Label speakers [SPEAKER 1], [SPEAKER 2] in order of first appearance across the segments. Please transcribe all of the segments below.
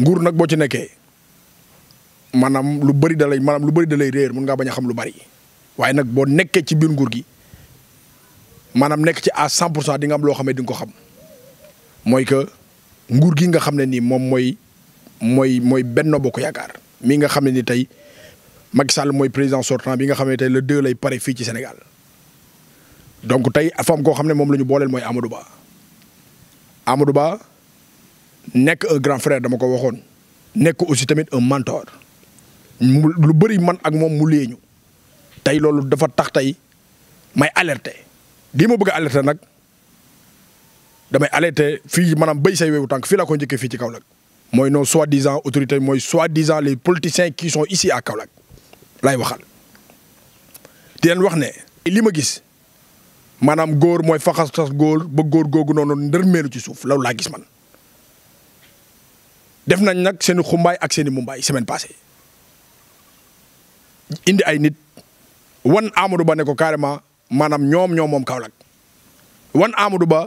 [SPEAKER 1] nguur nag boo ci nekkee maanaam lu bari da lay maanaam lu bari da lay réer mun ngaa bañ a xam lu bari waaye nag boo nekkee ci biir nguur gi maanaam nekk ci à 100 di nga am loo xam ne di ko xam mooy que nguur gi nga xam ne nii moom mooy mooy mooy Benno Bokk Yaakaar mii nga xam ne nii tey Macky Sall mooy président sortant bi nga xam ne tey le deux lay pare fii ci Sénégal donc tey fam koo xam ne moom lañu ñu booleel mooy Amadou Ba Amadou nekk un grand frère dama ko waxoon nekk aussi tamit un mentor mu lu bëri man ak moom mu léeñu tey loolu dafa tax tey may alerte lii ma bëgg a alerter nag damay alerter fii maanaam béy say wewu tànk fii laa ko njëkkee fii ci Kaolack mooy non soi-disant autorité mooy soi-disant les politiciens qui sont ici à Kaolack lay waxal di wax ne li ma gis maanaam góor mooy faxas tas góor ba góor googu noonu ndërmeelu ci suuf loolu laa gis man def nañ nag seen xumbaay ak seen mumbaay semaine passée indi ay nit wan Amadou Ba ne ko carrément maanaam ñoom ñoom moom Kaolack wan Amadou Ba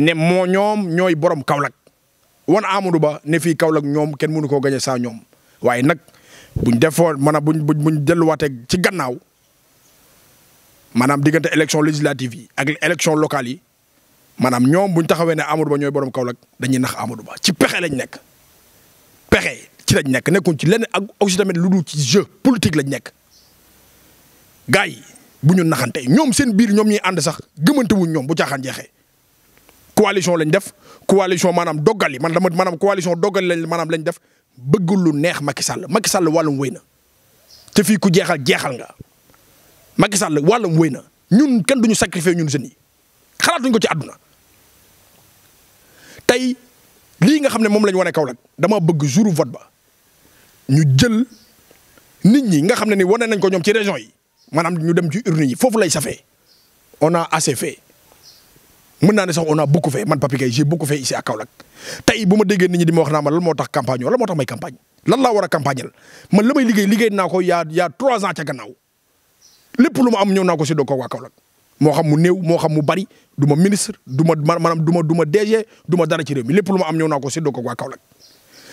[SPEAKER 1] ne moo ñoom ñooy borom Kaolack wan Amadou Ba ne fii Kaolack ñoom kenn mënu koo gañe saa ñoom waaye nag buñ defoon maanaam buñ buñ buñ delluwaatee ci gannaaw maanaam diggante élection législative yi ak élection locale yi maanaam ñoom buñ taxawee ne Amadou Ba ñooy borom Kaolack dañuy nax Amadou Ba ci pexe lañ nekk. pexe ci lañ nekk nekkuñ ci lenn ak lu dul ci jeu politique lañ nekk gars yi bu ñu naxante ñoom seen biir ñoom ñuy ànd sax gëmante wuñ ñoom bu caaxaan jeexee. coalition lañ def coalition maanaam doggal yi man dama maanaam coalition doggal lañ maanaam lañ def bëgg lu neex Macky Sall Macky Sall wàllum wéy na te fii ku jeexal jeexal nga Macky Sall wàllum wéy na ñun kenn duñu sacrifier ñun jeunes yi xalaatuñ ko ci àdduna tey. lii nga xam ne moom la ñu wane Kaolack dama bëgg jour vote ba ñu jël nit ñi nga xam ne ni wane nañ ko ñoom ci région yi maanaam ñu dem ci urne yi foofu lay safee on a assez fait mën naa sax on a beaucoup fait man Papy Gueye j'ai beaucoup fait ici à Kaolack tey bu ma déggee nit ñi di ma wax naa ma lan moo tax campagne lan moo tax may campagne lan laa war a man la may liggéey liggéey naa ko yaa yaa trois ans ca gannaaw lépp lu ma am ñëw naa ko si doog ko waa moo xam mu néew moo xam mu bari du ma ministre du ma maanaam du duma du ma du ma dara ci réew mi lépp lu ma am ñëw naa ko séddoo ko waa Kaolack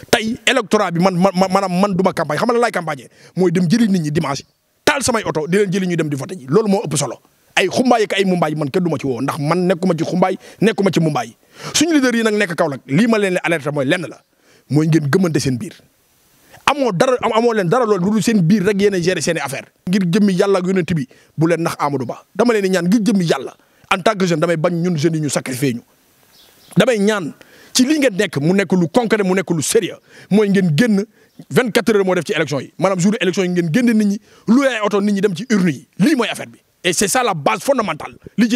[SPEAKER 1] tey électorat bi man man maanaam man du ma campagne xam nga laay campagne mooy dem jëli nit ñi dimanche taal samay oto di leen jëli ñu dem di voté ji loolu moo ëpp solo ay xumbaay ak ay mumbaay man kenn du ma ci woo ndax man nekkuma ci xumbaay nekkuma ci mumbaay suñu leader yi nag nekk Kaolack lii ma leen alerté mooy lenn la mooy ngeen gëmante seen biir amoo dara amoo leen dara loolu lu dul seen biir rek yéen a gérer seen i affaire ngir jëmmi yàlla ak yonent bi bu leen nax Amadou Ba dama leen di ñaan ngir jëmmi yàlla en tant que jeune damay bañ ñun jeunes yi ñu ñu damay ñaan ci li ngeen nekk mu nekk lu concret mu nekk lu sérieux mooy ngeen génn 24 heures moo def ci élection yi maanaam jour élection yi ngeen génn nit ñi lu ay oto nit ñi dem ci urne yi lii mooy affaire bi et c'est ça la base fondamentale mii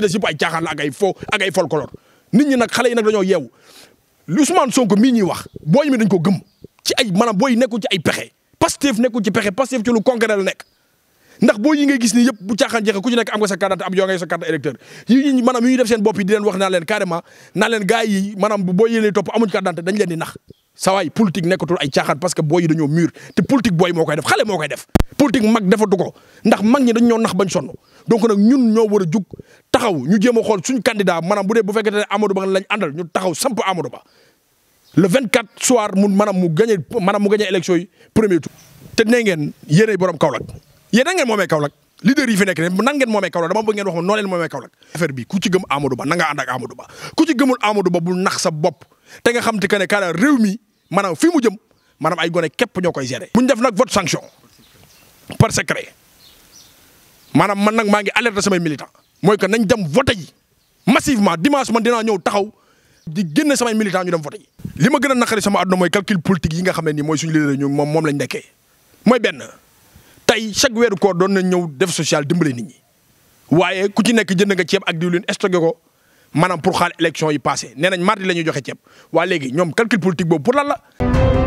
[SPEAKER 1] ñuy wax booy mi dañ ko gëm ci ay maanaam booy nekkul ci ay pexe Pastef nekkul ci pexe Pastef ci lu concret la nekk ndax booy yi ngay gis ni yëpp bu caaxaan jeexee ku ci nekk am nga sa carte am yoo ngay sa carte électeur yi ñu maanaam yi ñuy def seen bopp yi di leen wax naa leen carrément naa leen gars yi maanaam booy yi leen topp amuñ carte dañ leen di nax sawaay politique nekkatul ay caaxaan parce que booy yi dañoo mûr te politique booy moo koy def xale moo koy def politique mag defatu ko ndax mag ñi dañ ñoo na bañ sonn donc nag ñoo a jug taxaw ñu jéem a xool suñ candidat bu dee bu fekkee ne Amadou Ba le 24 soir mu manam mu gagné manam mu gagné élection yi premier tour. te ne ngeen yéenay borom kaolak yéen a momé kaolak leader yi fi nek né nan ngeen momé kaolak dama bëgg ngeen wax ma noo leen moomee affaire bi ku ci gëm Amadou Ba na nga ànd ak Amadou Ba ku ci gëmul Amadou Ba bul nax sa bop te nga xam te que ne kaala réew mi fi mu jëm manam ay goné képp ñokoy gérer. def nak vote sanction par secret manam man nak ma ngi alerter sama militants moy que nañ dem voter yi massivement dimanche man dina ñëw taxaw. di génne samay militant ñu dem voté yi li ma gën a naqari sama àdduna mooy calcul politique yi nga xam ne nii mooy suñu leader ñu moom moom lañ nekkee mooy benn tey chaque weeru koor doon na ñëw def social dimbale nit ñi waaye ku ci nekk jënd nga ceeb ak diwlin stocké ko maanaam pour xaal élection yi passé nee nañ mardi la ñuy joxe ceeb waa léegi ñoom calcul politique boobu pour lan